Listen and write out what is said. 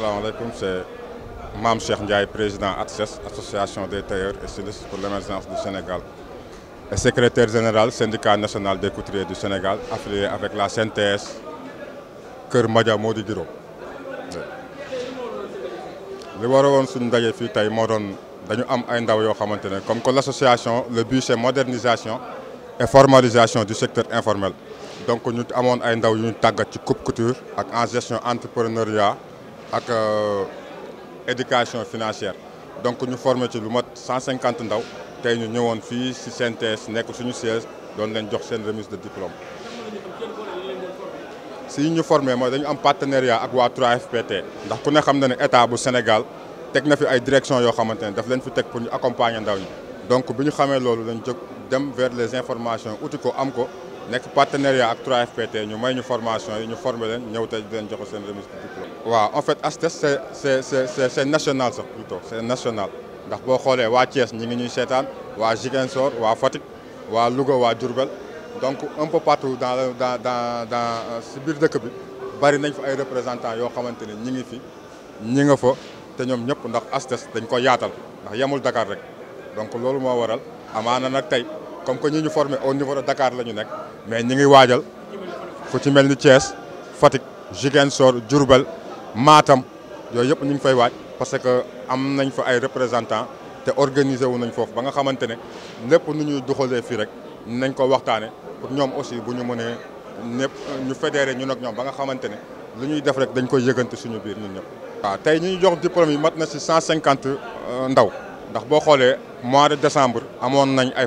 asalaamaaleykum c'est Mam Cheikh Ndiaye président de association des tailleurs et stylistes pour l'émergence du Sénégal et secrétaire général syndicat national des couturiers du Sénégal affilié avec la CNTS Cœur Madia Mody Guiro li waroon suñu ndaje fii tey moo dañu am ay comme l'association le but c'est modernisation et formalisation du secteur informel donc ñu avons ay ndaw yu ñu coupe couture et en gestion entrepreneuriale et euh, l'éducation financière donc ñu formé ci lu 150 ndaw et ñu avons fait une synthèse, une suñu siège nous avons jox remise de diplôme. si ñu formé nous dañu am partenariat ak 3FPT ndax ku ne xam na état bu Sénégal nous na fi ay direction pour ñu accompagner donc nous avons fait loolu dañ dem vers les informations uti am nek partenariat ak 3FPT ñu may ñu formation ñu une en fait ASTES c'est est c'est c'est national plutôt C'est national ndax bo xolé ñi ngi ñuy donc un peu partout dans dans dans dans ce bari nañ fa ay représentants yo ñi ngi fi fa ndax ASTES dañ ko yaatal ndax Dakar donc waral comme que ñi ñu au niveau de Dakar la mais nous ngi wadjal fu ci melni ties fatik Matam ngi fay parce que am nañ fa ay représentants té organisé wu nañ fofu ba nga xamantene ne nu rek nañ aussi ñu ñun ak 150 euh, ndaw ndax de décembre nañ ay